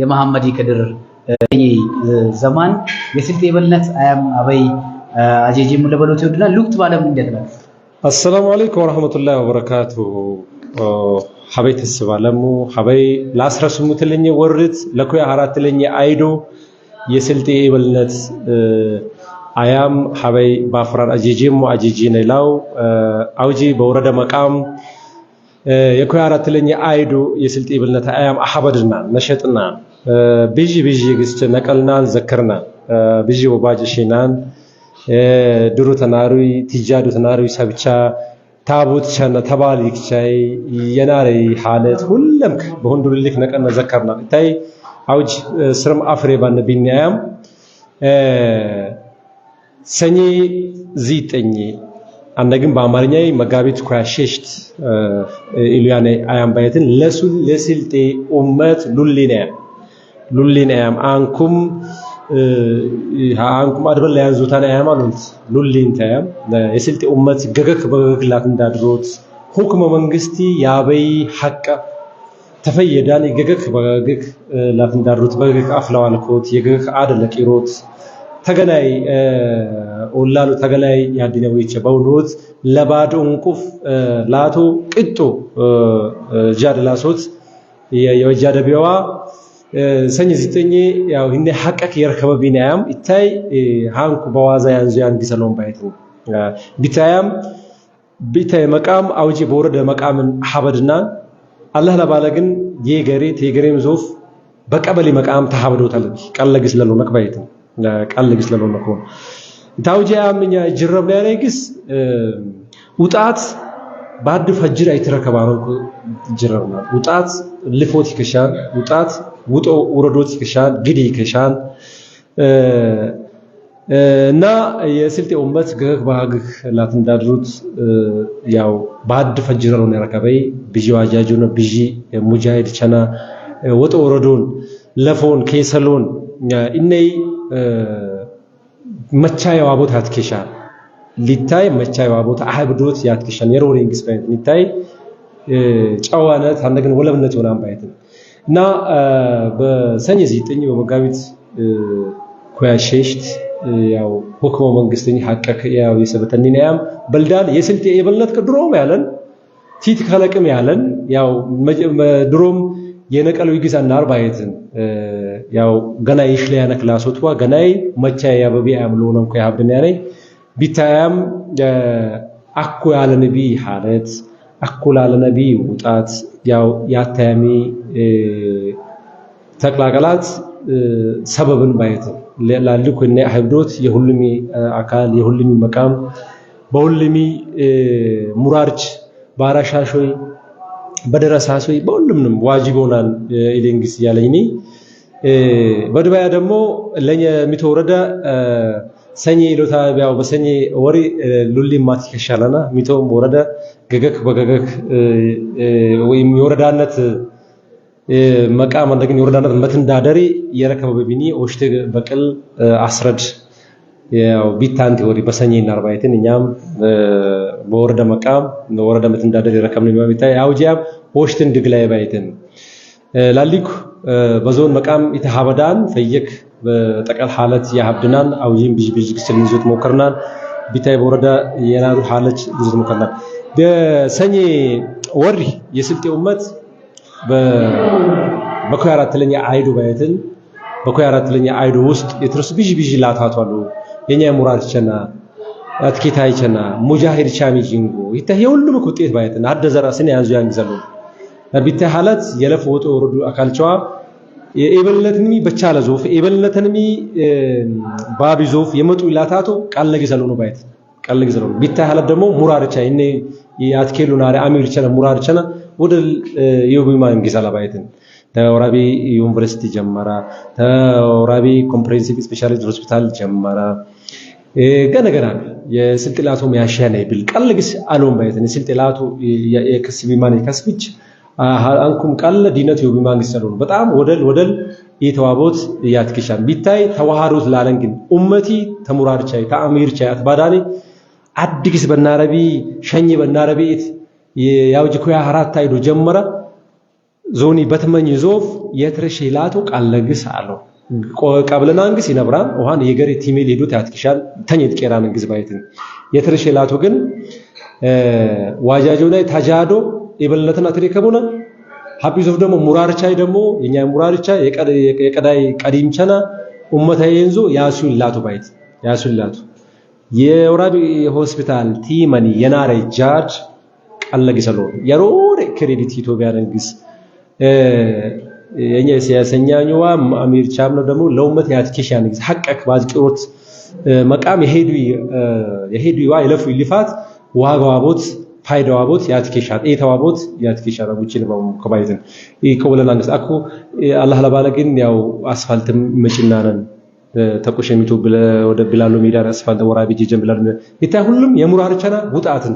የመሐመድ ከድር ዘማን የስልጤ የበልነት አያም አበይ አጀጂ ምን ለበሉት ይወድና ሉክት ባለም እንዴት ነው? አሰላሙ አለይኩም ወራህመቱላሂ ወበረካቱ ሀበይ ተስባለሙ ሀበይ ለ18 ለኝ ወርት ለኮያ አራት ለኝ አይዶ የስልጤ የበልነት አያም ሀበይ ባፍራን አጀጂሙ አጀጂ ነላው አውጂ በወረደ መቃም የኮያ አራት ለኝ አይዶ የስልጤ የበልነት አያም አሐበድና ነሸጥና ብዥ ብዥ ግስቸ ነቀልናን ዘክርና ብዥ ወባጅ ሽናን ድሩ ተናሩ ቲጃዱ ተናሩ ሰብቻ ታቡት ቻና ተባል ይክቻይ የናሪ ሐለት ሁለምክ በሁንዱልልክ ነቀና ዘከርና ታይ አውጅ ስርም አፍሬ ባነ ቢኛያም ሰኔ ዚጠኝ አንደግን በአማርኛ መጋቢት ኩያሽሽት ኢሉያኔ አያምባየትን ለሱ ለስልጤ ኡመት ሉሊናያ ሉሊንያም አንኩም አንኩም አድበል ላይ ያንዙታን አያም አሉት ሉሊን ታያም የስልጤ ኡመት ገገክ በገግላት እንዳድሮት ሁክመ መንግስቲ ያበይ ሐቀ ተፈየዳን የገገክ በገግክ ላት እንዳድሮት በገግክ አፍለዋልኮት የገገክ አደለ ቂሮት ተገላይ ኦላሉ ያዲነው ይቸ በውሎት ለባዶ እንቁፍ ላቶ ቅጡ ጃደላሶት የወጃደቢዋ ሰኝ ሲተኝ ያው ሂነ ሐቀክ የርከበ ቢናያም ይታይ ሃንኩ በዋዛ ያንዙ ያን ቢሰሎም ባይቱ ቢታያም ቢታይ መቃም አውጪ በወረደ መቃምን ሐበድና አላህ ለባለ ግን የገሬ ተገሬም ዞፍ በቀበሌ መቃም ተሐበዶታል ቀለግስ ለሎ መቅባይት ቀለግስ ለሎ መቆም ታውጂያም ኛ ጅረብ ላይ ላይግስ ውጣት ባድ ፈጅር አይተረከባን ጅረብ ውጣት ልፎት ይከሻል ውጣት ውጦ ውረዶች ይክሻል፣ ግዲ ይክሻል እና የስልጤ ኡመት ገግ ባግግ ላት እንዳድሩት ያው ባድ ፈጅረ ነው ያረከበይ ብጂ ዋጃጁ ነው ብጂ ሙጃሂድ ቸና ወጦ ወረዶን ለፎን ኬሰሎን እነይ መቻየዋ ቦታ ያትኬሻል ሊታይ መቻየዋ ቦታ አህብዶት ያትኬሻል የሮሪንግስ ባይት ሊታይ ጨዋነት አንደግን ወለብነት ይሆናል ባይት እና በሰኔ ዘጠኝ በመጋቢት ኮያሸሽት ያው ሁክመ መንግስትኝ ሐቀክ ያው የሰበተኒን ያም በልዳል የስልጤ የበልነት ቅድሮም ያለን ቲት ከለቅም ያለን ያው ድሮም የነቀለው ጊዜ እና አርባየትን ያው ገና ይሽለ ይሽለያ ነክላሶትዋ ገናይ መቻ ያበቢ ኮያ ከያብድን ያኔ ቢታያም አኩ ያለን ቢ ሐለት አኩላለ ነቢይ ውጣት ያው የአታያሚ ተቅላቀላት ሰበብን ባየት ላልኩ እና ህብዶት የሁልሚ አካል የሁልሚ መቃም በሁልሚ ሙራርች ባራሻሾይ በደረሳሶይ በሁሉምንም ዋጅብ ሆናን ኢሌንግስ ያለኝኒ በድባያ ደግሞ ለኛ ሚተወረደ ሰኔ ሎታ ያው በሰኔ ወሪ ሉሊ ማትከሻለና ሚተውም ወረደ ገገክ በገገክ ወይም የወረዳነት መቃ ማንደግን የወረዳነት መትንዳደሪ የረከበ በቢኒ ኦሽቴ በቅል አስረድ ያው ቢታንቲ ወሪ በሰኘ እና እናርባይትን እኛም በወረደ መቃ ወረዳ መትንዳደሪ የረከብን ነው ቢታ ያውጂያም ኦሽቴን ድግላይ ባይትን ላሊኩ በዞን መቃም የተሃበዳን ፈየክ በጠቀል ሐለት ያሃብድናን አውጂን ቢጅ ቢጅ ስልን ይዞት ሞከርናን ቢታይ በወረዳ የናዱ ሐለች ይዞት ሞከርናን ሰኔ ወሪ የስልጤ ኡመት በኮይ አራተኛ አይዶ ባየትን በኮይ አራተኛ አይዶ ውስጥ የትርስ ቢጂ ቢጂ ላታት አሉ የኛ ሙራድ ቸና አትኪታይ ቸና ሙጃሂድ ቻሚ ጂንጎ ይታ የሁሉም ውጤት ባየትን አደዘራ ስን ያዙ ያን ዘሎ ቢታ ሐላት የለፈ ወጦ ወረዱ አካልቻዋ የኤበልነትንሚ በቻለ ዞፍ ኤበልነትንሚ ባቢ ዞፍ የመጡ ላታቶ ቃል ነገሰሉ ነው ባየት ቀልግ ዝለው ቢታይ ሐለብ ደግሞ ሙራርቻ ናሪ አሚር አሪ ሙራር ሙራርቻና ወደ ዩቢማ እንግዛላ ባይትን ተወራቢ ዩኒቨርሲቲ ጀመራ ተወራቢ ኮምፕሬሄንሲቭ ስፔሻሊስት ሆስፒታል ጀመራ ገነ ገና የስልጥላቱ ያሻነ ብል ቀልግስ አሎን ባይትን ስልጥላቱ የከስቢማን የከስብች አንኩም ቀለ ዲነት ዩቢማን ግሰሉ በጣም ወደል ወደል የተዋቦት ያትክሻን ቢታይ ተዋሃዶት ግን ኡመቲ ተሙራርቻይ ተአሚርቻይ አትባዳኔ አድግስ በናረቢ ሸኝ በናረቢት ኢት ያውጅ ኩያ አራት አይዶ ጀመረ ዞኒ በትመኝ ዞፍ የትርሽ ይላቱ ቃል ለግስ አለው ቀብለና አንግስ ይነብራን ውሃን የገሪ ቲሜል ሄዱት ያትክሻል ተኝት ቄራን እንግስ ባይትን የትርሽ ይላቱ ግን ዋጃጆ ላይ ተጃዶ የበለተና ትሪከቡና ሀቢዞፍ ደግሞ ሙራርቻይ ደግሞ የኛ ሙራርቻ የቀዳይ ቀዲምቸና ኡመታዬንዞ ያሱ ይላቱ ባይት ያሱ ይላቱ Yeroo hospitaaltii Yanaare Jaaj qalla የሮድ ክሬዲት ኢትዮጵያ Itoophiyaa dangis የእኛኛዋ አሚር ቻምኖ ደግሞ ለውመት ያትኬሻ ንግስ ሐቀክ ባዝቅሮት መቃም የሄዱዋ የለፉ ይልፋት ዋጋዋቦት ፋይዳዋቦት ያትኬሻ ኤታዋቦት ያትኬሻ ረቡችን ከባይትን ይቀውለን አንግስ አኩ አላህ ለባለ ግን ያው አስፋልትም መጭናነን ተቆሸሚቱ ብለ ወደ ቢላሎ ሜዳ አስፋልት ጀም ጀምብላል ሊታይ ሁሉም የሙራር ቻና ውጣትን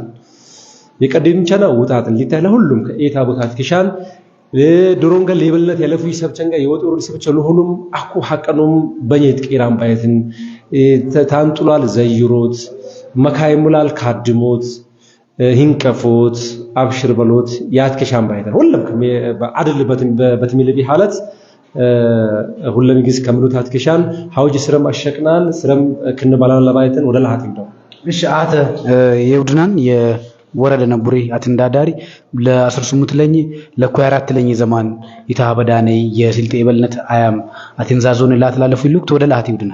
የቀደም ቻና ውጣትን ሊታ ለሁሉም ከኤታ ቦታት ኪሻል ድሮን ገ ሌብልነት ያለፉ ይሰብቸንጋ የወጡ ሩድ ይሰብቸሉ ሁሉም አኩ ሐቀኑም በኔት ቂራም ባይትን ታንጡላል ዘይሮት መካይሙላል ካድሞት ሂንቀፎት አብሽር በሎት ያትከሻም ባየትን ሁሉም አድልበትን በትሚልቢ ሐለት ሁለም ጊዜ ከምሉት አትክሻን ሐውጅ ስረም አሸቅናን ስረም ክንባላን ለባይተን ወደ ለሃት ይምደው እሺ አተ የውድናን የወረደነ ቡሬ አትንዳዳሪ ለ18 ለኝ ለ24 ለኝ ዘማን ይታበዳኔ የስልጤ የበልነት አያም አትንዛዞን ላትላለፉ ይሉክት ወደ ለሃት ይውድና